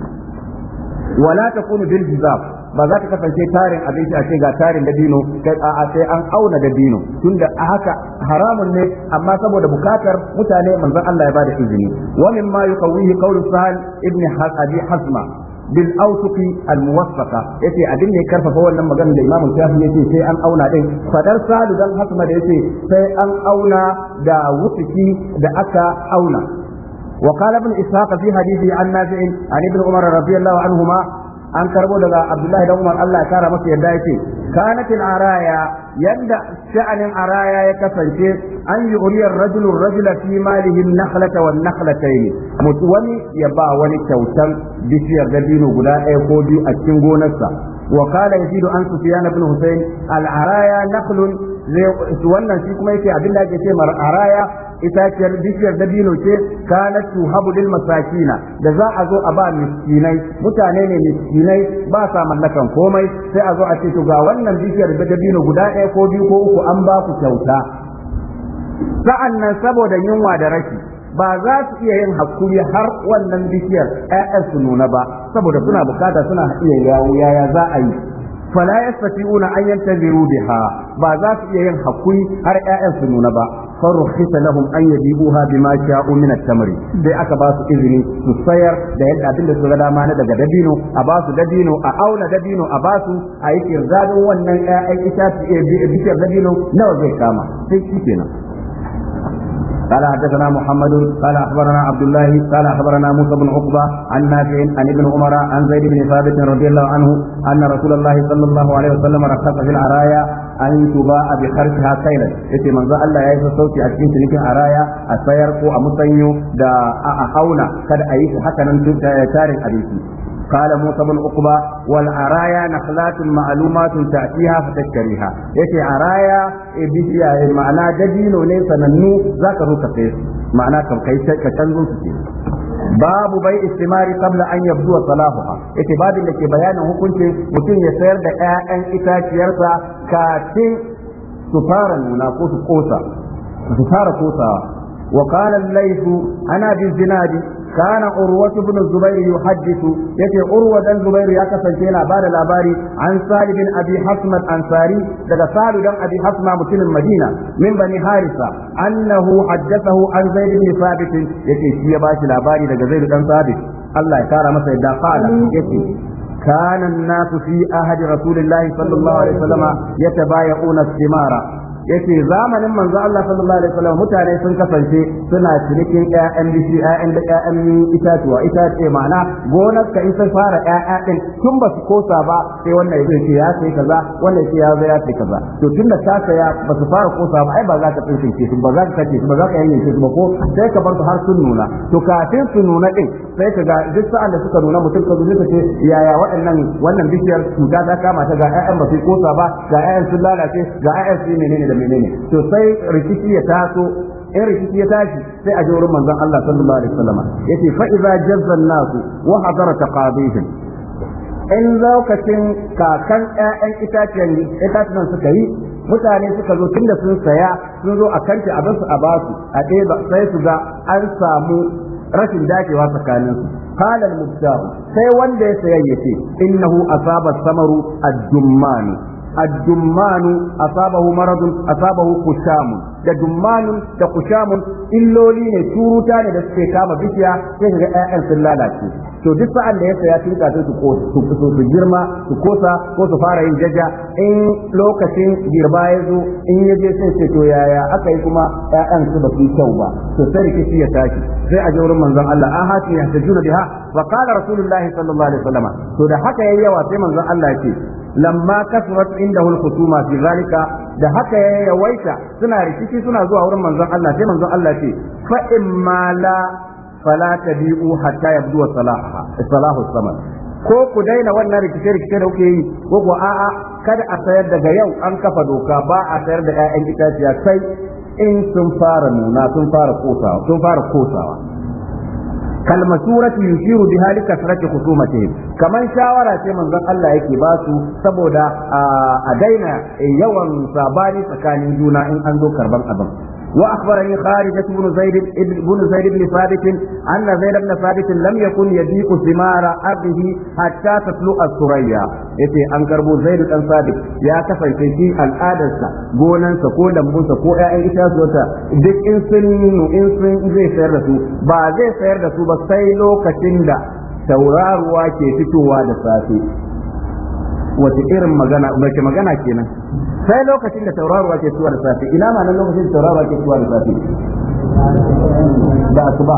wala takunu bil hizab ba za ka kasance tarin abinci a ce ga tarin dabino kai a sai an auna dabino tunda a haka haramun ne amma saboda bukatar mutane manzon Allah ya bada izini wa mimma yuqawihi qawlu sahal ibn abi hasma bil awsuqi al muwaffaqa yace abin ne karfafa wannan magana da imamu shafi yace sai an auna din fadar sadu dan hasma da yace sai an auna da wusuki da aka auna وقال ابن إسحاق في حديثه عن نافع عن ابن عمر رضي الله عنهما an karbo daga Abdullahi dan Umar Allah ya kara masa yadda yake kanatin araya yadda sha'anin araya ya kasance an yi uriyar rajulu rajula fi malihim nakhlata wan nakhlatayn mutu wani ya ba wani kyautan bishiyar dabino guda ɗaya ko biyu a cikin gonarsa wa qala yazidu an sufyan ibn husayn al araya nakhlun wannan shi kuma yake abin da yake a araya itaciyar bishiyar dabino ce ka na tuhabu lil masakina da za a zo a ba miskinai mutane ne miskinai ba sa mallakan komai sai a zo a ce to ga wannan bishiyar dabino guda ɗaya ko biyu ko uku an ba ku kyauta sa'an nan saboda yunwa da rashi ba za su iya yin hakuri har wannan bishiyar ƴaƴan su nuna ba saboda suna bukata suna iya yawo yaya za a yi fala yastati'una an yantaziru biha ba za su iya yin hakuri har ƴaƴan su nuna ba farrukhisa lahum an yajibuha bima sha'u min at-tamr aka basu izini su sayar da yadda abin da su ga daga dabino a basu su dabino a auna dabino a basu su a wannan ƴaƴan itace eh, bishiyar dabino nawa kama sai shi kenan قال حدثنا محمد قال اخبرنا عبد الله قال اخبرنا موسى بن عقبه عن نافع عن ابن عمر عن زيد بن ثابت رضي الله عنه ان رسول الله صلى الله عليه وسلم رخص في العرايا an tuba a bi harka kailan yace manzo Allah yi sassauci a cikin cinikin araya a sayar ko a musanyo da a hauna kada a yi haka nan tarin abinci قال موسى بن عقبة والعرايا نخلات معلومات تأتيها فتشتريها يتي عرايا معنى جديد وليس ننو ذاك هو كفير معنى كم كيسة كتنزل babu bai istimari kabla an yabdu salahuha yace da ke bayanin hukunci, mutum ya sayar da 'ya'yan itaciyarsa kafin su fara nuna ko su kosa su fara kosawa وقال الليث ana ابي الزناد Kanan urwatu ibn zubair yuhaddithu yace urwa dan zubair ya kasance yana bada labari an salih bin abi hasma ansari daga salih dan abi hasma mutumin madina min bani harisa annahu haddathahu an zaid bin sabit yace shi ya bashi labari daga zaid dan sabit Allah ya kara masa yadda fa'ala yace كان الناس ahadi عهد رسول الله صلى الله عليه وسلم يتبايعون الثمار yace zamanin manzo Allah sallallahu alaihi wasallam mutane sun kasance suna cinikin ƴaƴan bishi ƴaƴan da ƴaƴan itatuwa itace ma'ana gonar ka isa fara ƴaƴa din tun ba su kosa ba sai wannan ya ce ya sai kaza wannan ya ce ya sai kaza to tun da ta saya ba su fara kosa ba ai ba za ka tsinke su ba za ka kace su ba za ka yanke su ba ko sai ka bar su har sun nuna to kafin su nuna din sai ka ga duk sa'an da suka nuna mutum ka zuci ka ce yaya waɗannan wannan bishiyar cuta ta kama ta ga ƴaƴan ba su kosa ba ga ƴaƴan sun lalace ga ƴaƴan su menene da menene to sai rikici ya taso in rikici ya tashi sai a je wurin manzon Allah sallallahu alaihi wasallam yace fa idza jazza an-nas wa hadara taqadihim in lokacin kakan ƴaƴan itacen itacen suka yi mutane suka zo tunda sun saya sun zo a kanta abin su a basu a ɗeba sai su ga an samu rashin dacewa tsakanin su qala al sai wanda ya sayayyace innahu asaba samaru ad-dummani الدمان أصابه مرض أصابه قشام da dummanin da kushamun illoli ne turuta ne da suke kama bishiya sai ga ƴaƴan sun lalace to duk sa'an da ya saya tun kafin su su su girma su kosa ko su fara yin jaja in lokacin girba ya zo in ya je sai ce to yaya aka yi kuma ƴaƴan su ba su kyau ba to sai rikici ya tashi sai a je wurin manzon Allah an hati ya tajuna biha wa qala rasulullahi sallallahu alaihi wasallam to da haka yayi yawa sai manzon Allah ya ce lamma kasrat inda al-khusuma fi zalika da haka ya yawaita suna rikici suna zuwa wurin manzon Allah sai manzon Allah ce fa imma la fala tabi'u hatta yabdu ko ku daina wannan rikice-rikice da kuke yi ko ku a'a kada a sayar daga yau an kafa doka ba a sayar da 'ya'yan itaciya sai in sun fara nuna sun sun fara kosawa kalma surati yushiru biha li kasrati khusumatihim kaman shawara ce manzon Allah yake ba su saboda a daina yawan sabani tsakanin juna in an zo karban abin وأخبرني خارجة بن زيد بن زيد بن ثابت أن زيد بن ثابت لم يكن يبيع ثمار أرضه حتى تطلع الثريا yace an karbo Zaidu dan ya kasance shi al'adarsa gonarsa, ko lambunsa ko ƴaƴan itatuwarsa duk in sun in sun sayar da su ba zai sayar da su ba sai lokacin da tauraruwa ke fitowa da safe wace irin magana wace magana kenan sai lokacin da tauraruwa ke tuwa da safe ina ma nan lokacin da tauraruwa ke tuwa da safe da asuba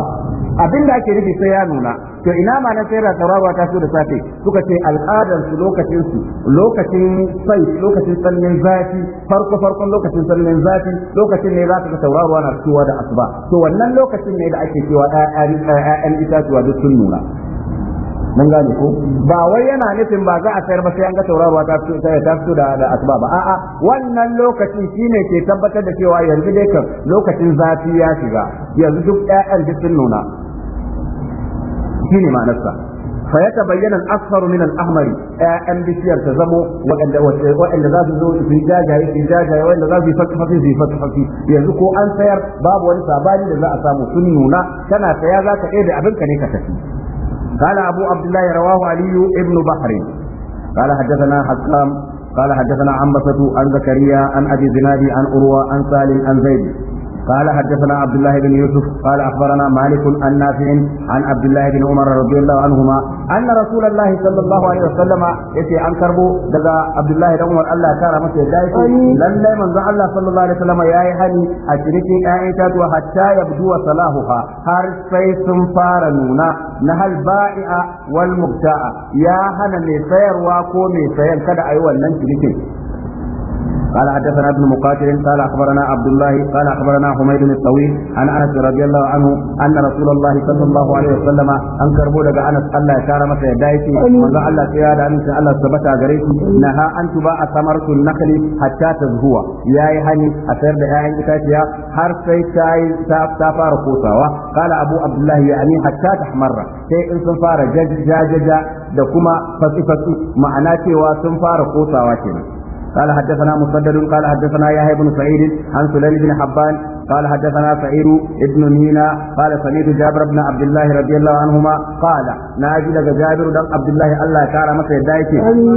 abin da ake nufi sai ya nuna to ina ma nan sai da tauraruwa ta so da safe suka ce al'adar su lokacin su lokacin sai lokacin sannin zafi farko farkon lokacin sannin zafi lokacin ne za ka ga tauraruwa na zuwa da asuba to wannan lokacin ne da ake cewa ɗayan itatuwa duk sun nuna mun gane ko ba wai yana nufin ba za a sayar ba sai an ga tauraruwa ta fito ta fito da da asba ba a'a wannan lokaci shine ke tabbatar da cewa yanzu dai kan lokacin zafi ya shiga yanzu duk ƴaƴan duk sun nuna shine ma'anarsa fa ya tabayyana al-asfar min al-ahmari ƴaƴan bishiyar ta zamo waɗanda waɗanda za su zo su yi jajaye su jajaye waɗanda za su yi su yi yanzu ko an sayar babu wani sabani da za a samu sun nuna kana saya za ka ɗaya da abinka ne ka tafi قال أبو عبد الله رواه علي بن بحر قال حدثنا حسام قال حدثنا عن بسط عن زكريا عن أبي زناد عن أروى عن سالم عن زيد قال حدثنا عبد الله بن يوسف قال اخبرنا مالك عن نافع عن عبد الله بن عمر رضي الله عنهما ان رسول الله صلى الله عليه وسلم يتي عن كربو دغا عبد الله بن عمر الله كرم مس يداي لله من الله صلى الله عليه وسلم ياي هني اشركين ايتات حتى يبدو صلاحها har sai sun fara nuna na halba'i'a wal mubta'a ya hana mai sayarwa ko mai sayan kada ayi wannan cinikin قال حدثنا ابن مقاتل قال اخبرنا عبد الله قال اخبرنا حميد الطويل عن انس رضي الله عنه ان رسول الله صلى الله عليه وسلم انكر بولد انس الله يشار مس يدايتي وقال الله سيادة انس الله ثبت غريتي نهى ان تباع ثمرة النخل حتى تزهو يا هني اثر بها كاتيا har sai ta yi ta fara kosawa kala abu abdullahi ya ani hatta tahmarra sai in sun fara jajaja da kuma fatsi fatsi ma'ana cewa sun fara kosawa kenan قال حدثنا مسدد قال حدثنا يحيى بن سعيد عن سليم بن حبان قال حدثنا سعيد بن مينا قال سمعت جابر بن عبد الله رضي الله عنهما قال ناجي لك جابر بن عبد الله الله تعالى متى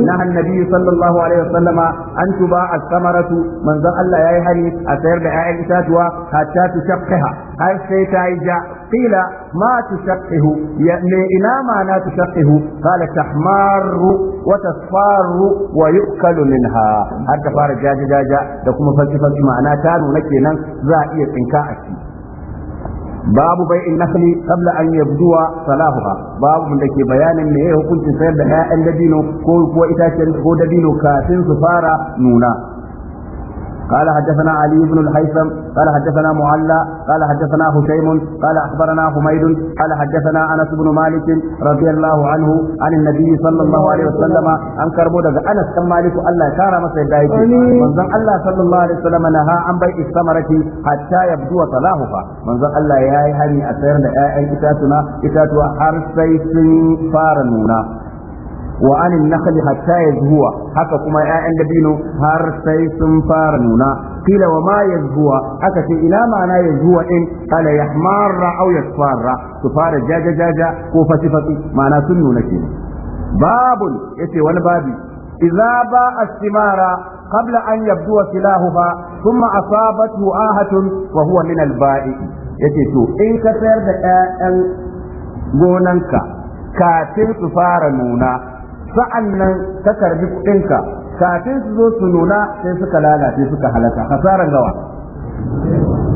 نهى النبي صلى الله عليه وسلم أن تباع الثمرة من ذا الله يهني أسير بآية حتى تشقها هل سيتعي قيل ما تشقه يعني إلى ما لا تشقه قال تحمار وتصفار ويؤكل منها حتى فار جاجا جاجا لكم فلسفة معنى كانوا نكينا زائية إنكاء babu bai in nakli qabla an yabduwa salahuha babu da ke bayanin me hukuncin sayar da 'ya'yan dabino ko ko itacen ko dabino kafin su fara nuna قال حدثنا علي بن الهيثم قال حدثنا معلى قال حدثنا هشيم قال أخبرنا حميد قال حدثنا أنس بن مالك رضي الله عنه عن النبي صلى الله عليه وسلم أن كربو دقى أنس كم مالك الله كار مسعد دايتي منزل الله صلى الله عليه وسلم نهى عن بيع الثمرة حتى يبدو صلاحها منزل الله يا هني أسير دقى إتاتنا إتاتوا حرسي فارنونا وان النخل حتى يزهو حتى كما يأين لبينو هر سيسم فارنونا قيل وما يزهو حتى في إلى ما لا يزهو إن قال يحمار أو يصفار صفار جاجا جاجا وفتفتي ما لا سنو نكين باب يتي والبابي إذا با السمارة قبل أن يبدو سلاهها ثم أصابته آهة وهو من البائع يتي تو إن كفر دقائق غوننكا كاتل سفار نونا sa'annan ka karbi kuɗinka kafin su zo su nuna sai suka lalace suka halaka hasaran gawa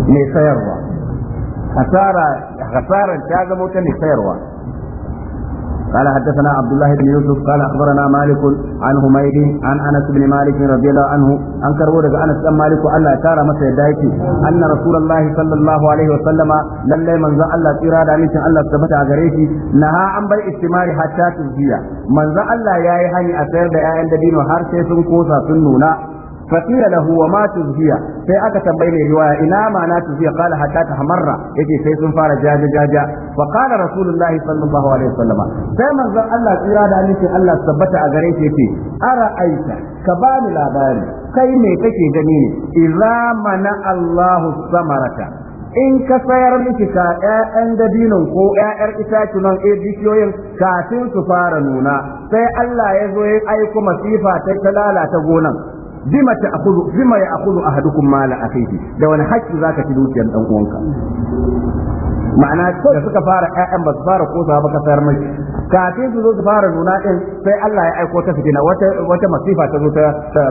mai sayarwa hasara hasaran ta zama ta mai sayarwa قال حدثنا عبد الله بن يوسف قال اخبرنا مالك عن حميد عن انس بن مالك رضي الله عنه ان كربو daga انس بن مالك الله تارى متى يدايتي ان رسول الله صلى الله عليه وسلم لله من ذا الله تيرا دا ميتين الله ثبت a gare shi naha an bai istimari hatta tujiya manzo Allah yayi hani a sayar da 'ya'yan dabino har sai sun kosa sun nuna فقيل له وما تزهي sai aka tambayi mai riwaya ina ma'ana tuzhiya qala hatta hamarra yake sai sun fara jaja jaja fa qala rasulullahi sallallahu alaihi wasallam sai manzon Allah tsira da nake Allah tabbata a gare shi yace ara aita ka bani labari kai me kake gani ne idza mana Allahu samarata in ka sayar miki ka ƴaƴan dabinon ko ƴaƴar itacunan a bishiyoyin kafin su fara nuna sai Allah ya zo ya aiko masifa ta lalata gonan bima ta'khudhu bima a ahadukum mala akhihi da wani haƙƙi zaka ci dukiyar dan uwanka ma'ana da suka fara ƴaƴan ba su fara kosa ba kasar mai kafin su zo su fara nuna din sai Allah ya aiko ta fitina wata wata masifa ta zo ta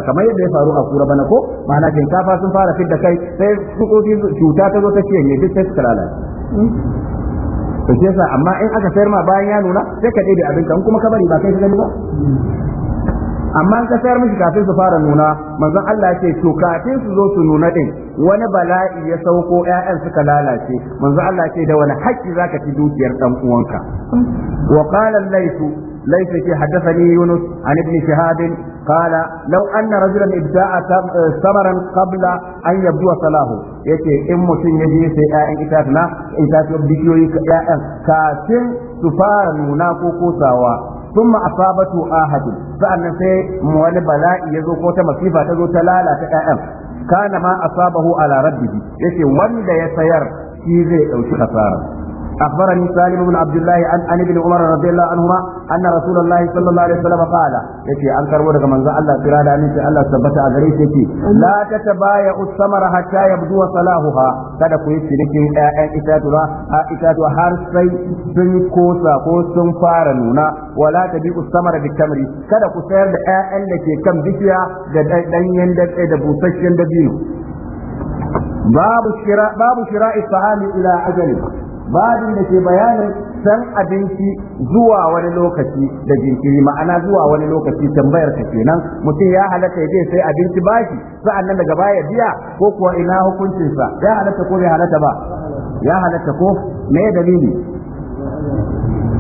kamar yadda ya faru a kura bana ko ma'ana shinkafa sun fara fidda kai sai tsutsotsi cuta ta zo ta ciye ne duk sai suka lalace to amma in aka sayar ma bayan ya nuna sai ka daidai abin ka kuma ka bari ba kai ka gani ba amma an kasar sayar kafin su fara nuna manzon Allah ya to kafin su zo su nuna din wani bala'i ya sauko ƴaƴan suka lalace manzon Allah ce da wani haƙƙi zaka ci dukiyar dan uwanka wa qala laysu laysa ki haddathani yunus an ibn shihab قال لو أن رجلا ابتاع ثمرا قبل أن يبدو salahu, yace in mutum ya je sai ƴaƴan itatuwa itatuwa bishiyoyi ƴaƴan kafin su fara nuna ko kosawa Tun thumma asabatu ahadin sa'annan sai mu wani bala'i ya zo ko ta masifa ta zo ta lalata ƴaƴan kana ma asabahu ala rabbihi yace wanda ya sayar shi zai ɗauki asara أخبرني سالم بن عبد الله عن عن ابن عمر رضي الله عنهما أن رسول الله صلى الله عليه وسلم قال يتي أنكر ورد من ذا الله ترى أن الله ثبت أغريت يتي لا تتبايع الثمر حتى يبدو صلاحها kada ku yi cinikin ƴaƴan itatuwa a itatuwa har sai sun kosa ko sun fara nuna wala ta bi'u samara bi tamri kada ku sayar da 'ya'yan da ke kan bishiya da danyen da da busasshen babu shira babu ila babin da ke bayanin san abinci zuwa wani lokaci da jinkiri ma'ana zuwa wani lokaci tambayar ka kenan mutum ya halatta yaje sai abinci bashi sa'an nan daga baya biya ko kuwa ina hukuncin sa ya halatta ko bai halatta ba ya halatta ko me dalili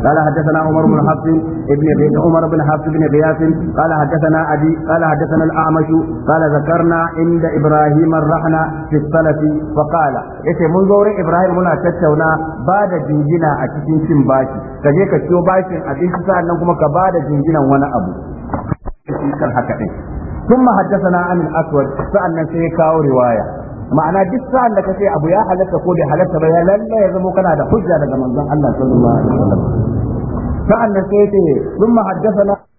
قال حدثنا عمر بن حفص ابن عمر بن حفص بن غياث قال حدثنا أبي قال حدثنا الأعمش قال ذكرنا عند إبراهيم الرحنة في السلف فقال yace mun zo wurin Ibrahim muna tattauna ba da jingina a cikin cin bashi ka je ka ciyo bashin abinci sa'annan kuma ka ba da jinginan wani abu kan haka din ثم حدثنا عن sai ya سيكاو riwaya. ma'ana duk sa'an da kace abu ya halatta ko bai halatta ba ya lalle ya zama kana da hujja daga manzon Allah sallallahu alaihi wasallam sa'an nan sai ce sun mahaddathana